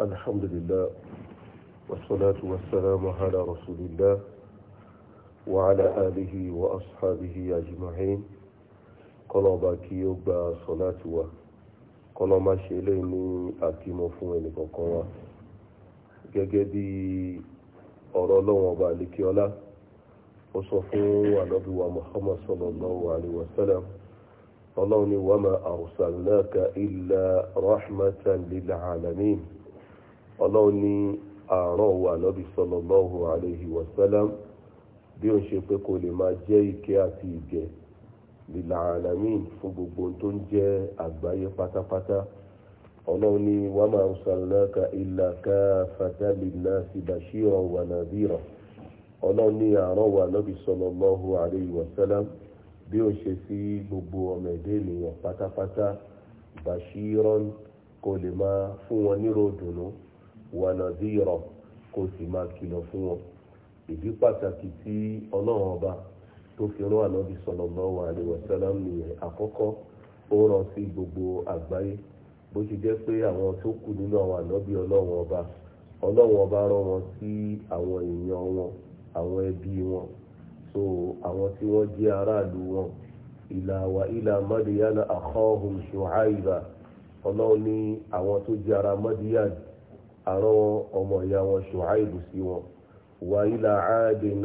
الحمد لله والصلاة والسلام على رسول الله وعلى آله وأصحابه أجمعين kọ́nà ọba kí ó gba sọ̀lá ti wa kọ́nà má ṣe eléyìí ní àkímọ̀ fún ẹnìkọ̀ọ̀kan wa gẹ́gẹ́ bí ọ̀rọ̀ ọlọ́wọ̀n ọba àlékíọ́lá ó sọ fún ànábì wa muhammad sallallahu alayhi wa sallam ọlọ́run ni wàá ma arsalnaka illa rahmatan lil alamin ọlọ́run ní àárọ̀ wa ànábì sallallahu alayhi wa sallam bí ó ń ṣe pé kó lè máa jẹ́ ìkẹ́ àti ìgẹ̀ lil'alamin fún gbogbo ohun tó ń jẹ́ àgbáyé pátápátá ọlọ́run ní wa ma arsalnaka illa kaffatan linnasi bashiran wa nadhira ọlọ́run ní àárọ̀ wa ànábì sallallahu alayhi wa bí ó ṣe sí gbogbo ọmọ ẹ̀dá ènìyàn pátápátá bashiran kó lè máa fún wọn nírò dùnú. No? wanadira kó sì máa kìlọ̀ fún wọn ìdí pàtàkì tí ọlọ́run ọba tó fi rán ànábì sallallahu alaihi wasallam nìyẹn àkọ́kọ́ ó rọ sí gbogbo àgbáyé bó ti jẹ́ pé àwọn tó kù nínú àwọn ànábì ọlọ́run ọba ọlọ́run ọba rán wọn sí àwọn èèyàn wọn àwọn ẹbí wọn so àwọn tí wọ́n jẹ́ aráàlú wọn ìlà ìlà ọlọ́run ní àwọn tó àrán ọmọ ìyá wọn ṣùháìbù sí wọn wà ilà áàdìn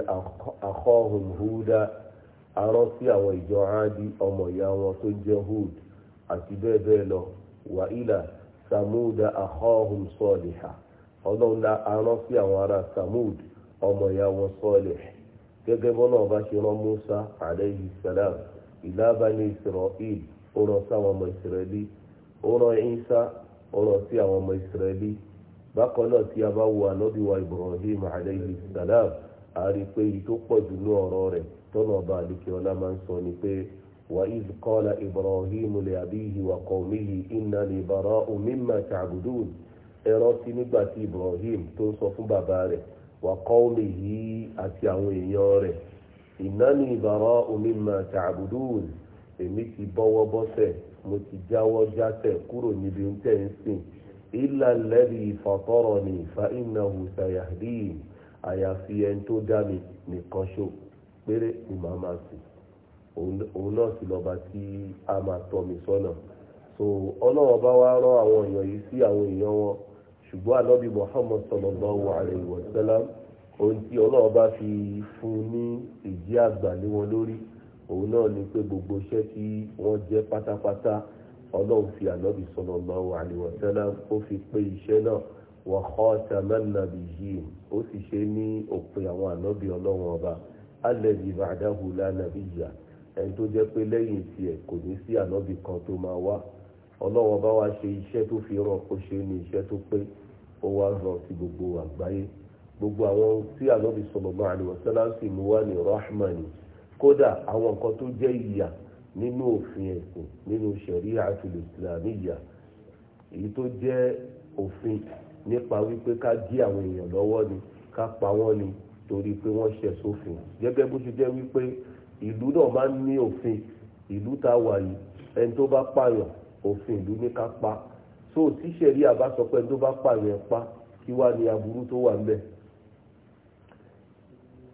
àkọ́hùn húdà àrán sí àwọn ìjọ áàdì ọmọ ìyá wọn tó jẹ́ húd àti bẹ́ẹ̀ bẹ́ẹ̀ lọ wà ilà samuda àkọ́hùn sọ́ọ̀lìhà ọlọ́run la àrán sí àwọn ará samud ọmọ ìyá wọn sọ́ọ̀lì gẹ́gẹ́ bọ́lá ọba ṣe rán musa alayhi salam ìlà israel ó rán sáwọn ọmọ ìsirẹ́lì ó rán isa ó rán sí àwọn ọmọ ìsirẹ́lì. bákan náà tí a bá wo Ibrahim salam a rí i pé èyí tó pọ̀ jù ní ọ̀rọ̀ rẹ̀ tọ́nà ọba àlekè ọlá máa ń sọ wa idh Ibrahim li abihi wa qawmihi innani bara'u mimma ta'budun ẹ̀rọ sí nígbà tí Ibrahim tó ń sọ fún bàbá rẹ̀ wa ati àti àwọn èèyàn rẹ̀ innani bara'u mimma ta'budun èmi ti bọ́wọ́ bọ́sẹ̀ mo ti jáwọ́ jásẹ̀ kúrò níbi إلا الذي فطرني فإنه innahu sayahdin في ẹni tó dá mi nìkan ṣó péré ni màá máa so ọlọ́wọ́ bá wá rán àwọn èèyàn yìí sí àwọn èèyàn wọn ṣùgbọ́n ànábì Muhammad sallallahu alayhi wa sallam ohun tí ọlọ́wọ́ bá fi fún ní ìjì àgbà lé wọn lórí òun náà ni pé gbogbo iṣẹ́ tí wọ́n jẹ́ pátápátá ọlọ́run fi ànábì sallallahu alaihi wasallam ó fi pé iṣẹ́ náà wa khataman nabiyyin ó sì ṣe ní òpin àwọn ànábì ọlọ́run ọba alladhi ba'dahu la nabiyya ẹni tó jẹ́ pé lẹ́yìn tiẹ̀ kò ní sí ànábì kan tó máa wá ọlọ́run ọba wá ṣe iṣẹ́ tó fi rán kó ṣe ní iṣẹ́ tó pé ó wá rán sí gbogbo àgbáyé gbogbo àwọn tí ànábì sallallahu alaihi wasallam sì mú wá ní rahmani kódà àwọn nǹkan tó jẹ́ ìyà nínú òfin ẹ̀sìn nínú ṣẹ̀ríà àtúlù islamiyya èyí tó jẹ́ òfin nípa wípé ká dí àwọn èèyàn lọ́wọ́ ni ká pa wọ́n ni torí pé wọ́n ṣẹ̀ sófin gẹ́gẹ́ bó ṣe jẹ́ wípé ìlú náà máa ń ní òfin ìlú tá a wà yìí ẹni tó bá pààyàn òfin ìlú ní ká pa so tí ṣẹ̀ríà bá sọ pé ẹni tó bá pààyàn pa kí wá ní aburú tó wà ńbẹ̀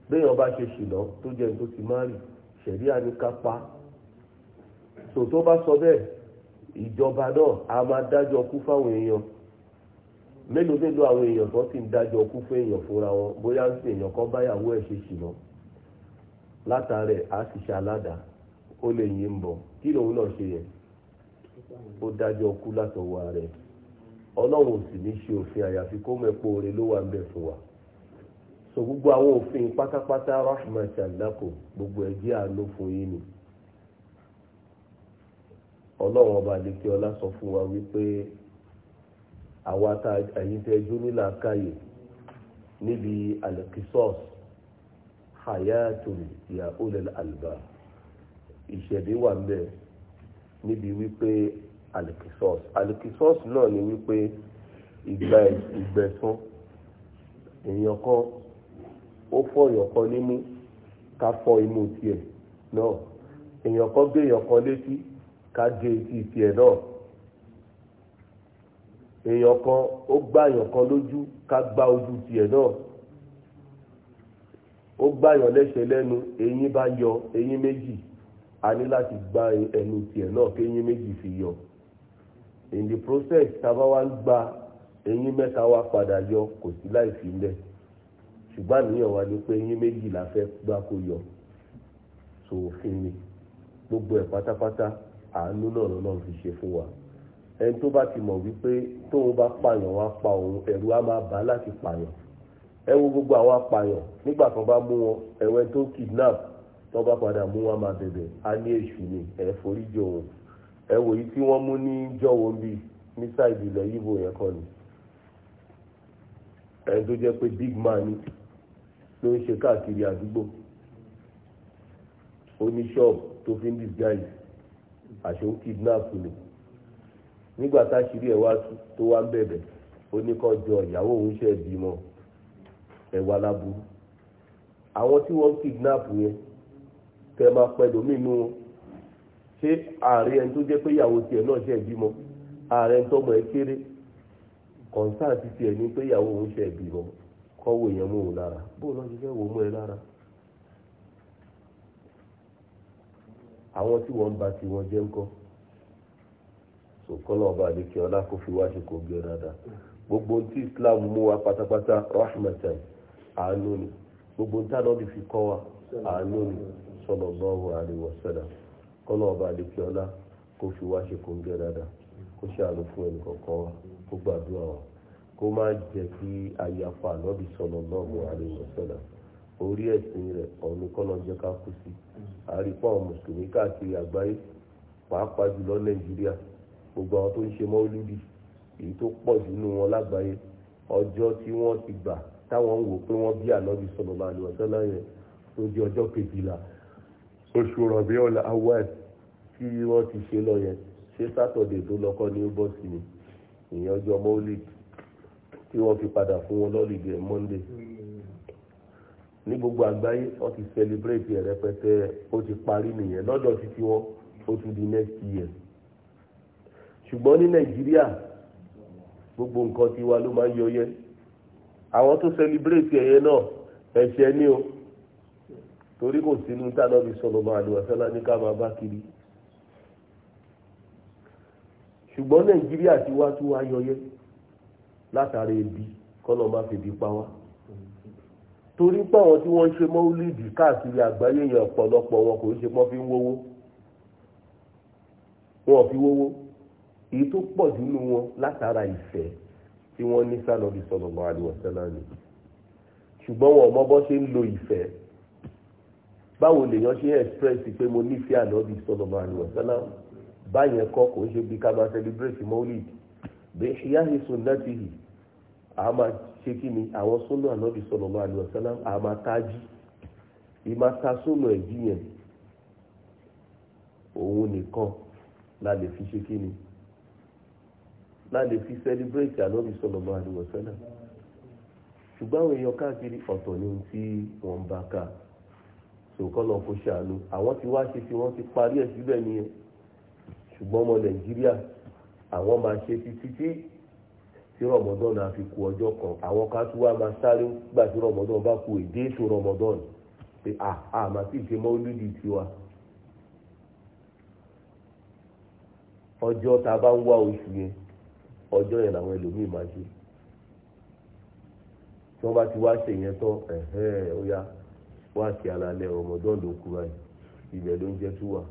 béèyàn bá ṣe ṣìnà tó jẹ́ ẹni tó ti má rì ṣẹ̀ríà ní ká pa so tó bá sọ bẹ́ẹ̀ ìjọba náà a máa dájọ́ kú fáwọn èèyàn mélòó mélòó àwọn èèyàn tó ti ń dájọ́ kú fún èèyàn fúnra wọn bóyá ń sin èèyàn kan báyàwó ẹ̀ ṣe ṣìnà látàrẹ̀ á sì ṣe aládàá ó lè yín bọ̀ kí lòun náà ṣe yẹn ó dájọ́ kú látọwọ́ rẹ̀ ọlọ́run ò sì ní ṣe òfin àyàfi kó mẹ́pọ̀ orin ló wà ń bẹ̀ wa so gbogbo àwọn òfin pátápátá gbogbo ọlọ́run ọba àdékè ọlá sọ fún wa wípé àwa tá ẹ̀yin tẹ́ jó nílà káyè níbi alẹ́kísọ́s hayatul ya ulul alba ìṣẹ̀dí wà ń bẹ̀ níbi wípé alẹ́kísọ́s alẹ́kísọ́s náà ni wípé ìgbà ìgbẹ̀san èèyàn kan ó fọ́ èèyàn kan nímú ká fọ́ imú tiẹ̀ náà èèyàn kan gé èèyàn kan létí ká dé etí tiẹ̀ náà èèyàn kan ó gbàyàn kan lójú ká gbá ojú tiẹ̀ náà ó gbàyàn lẹ́sẹ̀ lẹ́nu eyín bá yọ eyín méjì a ní láti gba ẹnu tiẹ̀ náà kí méjì fi yọ in the process tábà wá ń gba eyín mẹ́ta wá padà yọ kò sí láì fi lẹ̀ ṣùgbọ́n àníyàn wa ni pé eyín méjì la fẹ́ gbá kó yọ so òfin ni gbogbo ẹ̀ pátápátá àánú náà lọ́nà fi ṣe fún wa ẹni tó bá ti mọ̀ wípé tóun bá pààyàn wá pa òun ẹ̀rù á máa bá láti pààyàn ẹ wo gbogbo àwọn apààyàn nígbà kan bá mú wọn ẹ̀wẹ̀ tó kidnap tó bá padà mú wọn máa bẹ̀bẹ̀ á ní èṣù ni ẹ̀ forí jọ òun ẹ wò yìí tí wọ́n mú ní jọ̀wọ́ bíi ní sáìdì ilẹ̀ yíbo yẹn kọ́ ni ẹni tó jẹ́ pé big man ni ló ń ṣe káàkiri àdúgbò oníṣọ́ọ̀bù tó fi ń disguise àṣọ kidnap ni nígbà táṣírí ẹ̀ wá tó wá ń bẹ̀bẹ̀ ó ní kó jọ ìyàwó òun ṣe bímọ àwọn kidnap yẹn tẹ máa wọn ṣé ààrẹ ẹni tó jẹ́ pé ìyàwó tiẹ̀ náà ṣe bímọ ààrẹ ẹni ẹ kéré kọ̀ǹsáàtì tiẹ̀ ní pé ìyàwó òun ṣe bímọ kọ́wọ́ èèyàn mú òun lára bóun náà ṣe fẹ́ wò ó mú àwọn tí wọ́n ba ti wọn jẹ́ ńkọ́ so ọba àdékè ọlá kó fi wá ṣe kò dáadáa gbogbo tí islam mú wa pátápátá rahmatan àánú ni gbogbo tí fi kọ́ wa àánú ni sallallahu alaihi wasallam ọba ọlá kó fi dáadáa fún ẹnì wa kó gbàdúrà wa kó má jẹ́ kí ayapa anábì sallallahu alaihi wasallam orí rẹ, rẹ̀ ọ̀nìkọ́lọ́ ká àrífọ́ mùsùlùmí káàkiri àgbáyé pàápàá jùlọ nàìjíríà gbogbo àwọn tó ń ṣe mọ́lúdì èyí tó pọ̀ jù nínú wọn lágbàáyé ọjọ́ tí wọ́n ti gbà táwọn ń wò pé wọ́n bí ànábì sallallahu alaihi wasallam yẹn tó di ọjọ́ kejìlá oṣù rọ̀bí ọ̀la awal tí wọ́n ti ṣe lọ yẹn ṣé sátọ̀dẹ̀ tó lọ́kọ́ ní ó bọ́ sí ni ìyẹn ọjọ́ mọ́lúdì tí wọ́n fi padà fún wọn lọ́lùdì ẹ̀ mọ́ndé ní gbogbo àgbáyé wọ́n ti celebrate ẹ̀ rẹpẹtẹ ó ti parí nìyẹn lọ́dọ̀ títí wọn ó tún di next year ṣùgbọ́n ní nàìjíríà gbogbo nǹkan tiwa ló máa ń yọyẹ àwọn tó celebrate ẹ̀yẹ náà ẹ̀ṣẹ̀ ni o torí kò sínú tánàbí sọ̀rọ̀ máa lò àṣálá ní ká máa bá kiri ṣùgbọ́n nàìjíríà tiwa tún wá yọyẹ látàrí ebi kọ́nà má fi bí pa wá. torí pé àwọn tí wọ́n ń ṣe mọ́wúlìdì káàkiri àgbáyé yẹn ọ̀pọ̀lọpọ̀ wọn kò ń ṣe pọ́n fi ń wówó wọn ò fi èyí tó pọ̀ jù nínú wọn látara ìfẹ́ tí wọ́n ní ni ṣùgbọ́n wọn ọmọ bọ́ ṣe ń lo ìfẹ́ báwo lèèyàn ṣe express pé mo nífẹ̀ẹ́ ànábì kọ́ kò ń ṣe bí ká máa celebrate ṣé kí ni àwọn sólò ànábì sallallahu alaihi wasallam àmà tájì ìmáta sólò ẹ̀jí yẹn òun nìkan la lè fi ṣe kí ni la lè fi celebrate ànábì sallallahu alaihi wasallam ṣùgbọ́n àwọn èèyàn káàkiri ọ̀tọ̀ ni ohun tí wọ́n ń bá ká sòkọ́ lọ kó ṣàánú àwọn ti wá ṣe tí wọ́n ti parí ẹ̀ síbẹ̀ nìyẹn ṣùgbọ́n ọmọ Nàìjíríà àwọn máa ṣe títí tí tí rọmọdán náà fi ku ọjọ́ kan àwọn ká tún wá máa sáré gbà tí rọmọdán bá ku èdè ètò rọmọdán pé à àmà tí ìṣe mọ́lúdì tiwa. ọjọ́ tá a bá ń wá oṣù yẹn ọjọ́ yẹn làwọn ẹlòmíì máa ṣe tí wọ́n bá ti wá ṣe yẹn tán ẹ̀hẹ́n ó yá wá sí alalẹ́ rọmọdán ló kú báyìí ibẹ̀ ló ń jẹ́ tó wà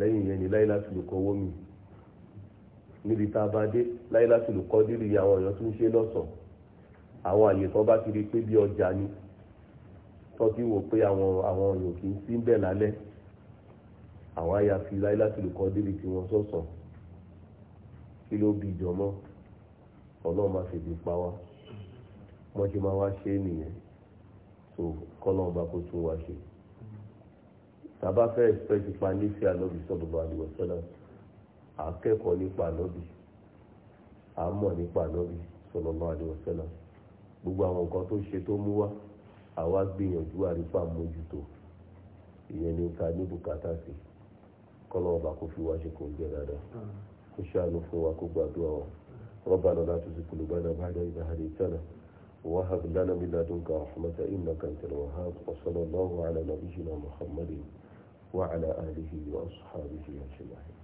lẹ́yìn yẹn ni láyé láti lè kọ́ wọ́mìí níbi tá a bá dé láyé láti lù kọ́dírì àwọn èèyàn tó ń ṣe lọ́sàn-án àwọn àyè tó bá ti rí pé bí ọjà ni tó ti wò pé àwọn àwọn èèyàn kì í sí bẹ̀ lálẹ́ àwọn àyà fi láyé láti lù kọ́dírì tí wọ́n sọ̀sàn kí ló bí ìjọmọ́ ọlọ́run máa fèdè pa wá wọ́n ṣe máa wá ṣe é nìyẹn so kọ́lọ́run bá kó tún wá ṣe tàbá fẹ́ express ipa nífẹ̀ẹ́ àlọ́bí sọ̀rọ̀ bá àdìwọ̀ sọ́dọ̀ à ń kẹ́kọ̀ọ́ nípa ànábì à ń mọ̀ nípa ànábì sallallahu alaihi wasallam gbogbo àwọn nǹkan tó ṣe tó mú wá àwa gbìyànjú àrífà mójútó ìyẹn ní ká ní bùkátà sí kọ́nà ọba kò fi wá ṣe kò ń jẹ dáadáa kó ṣàánú fún wa kó gbàdúrà wa ربنا لا تزغ قلوبنا بعد إذ هديتنا وهب لنا من لدنك رحمة إنك أنت الوهاب وصلى الله على نبينا محمد وعلى آله وأصحابه أجمعين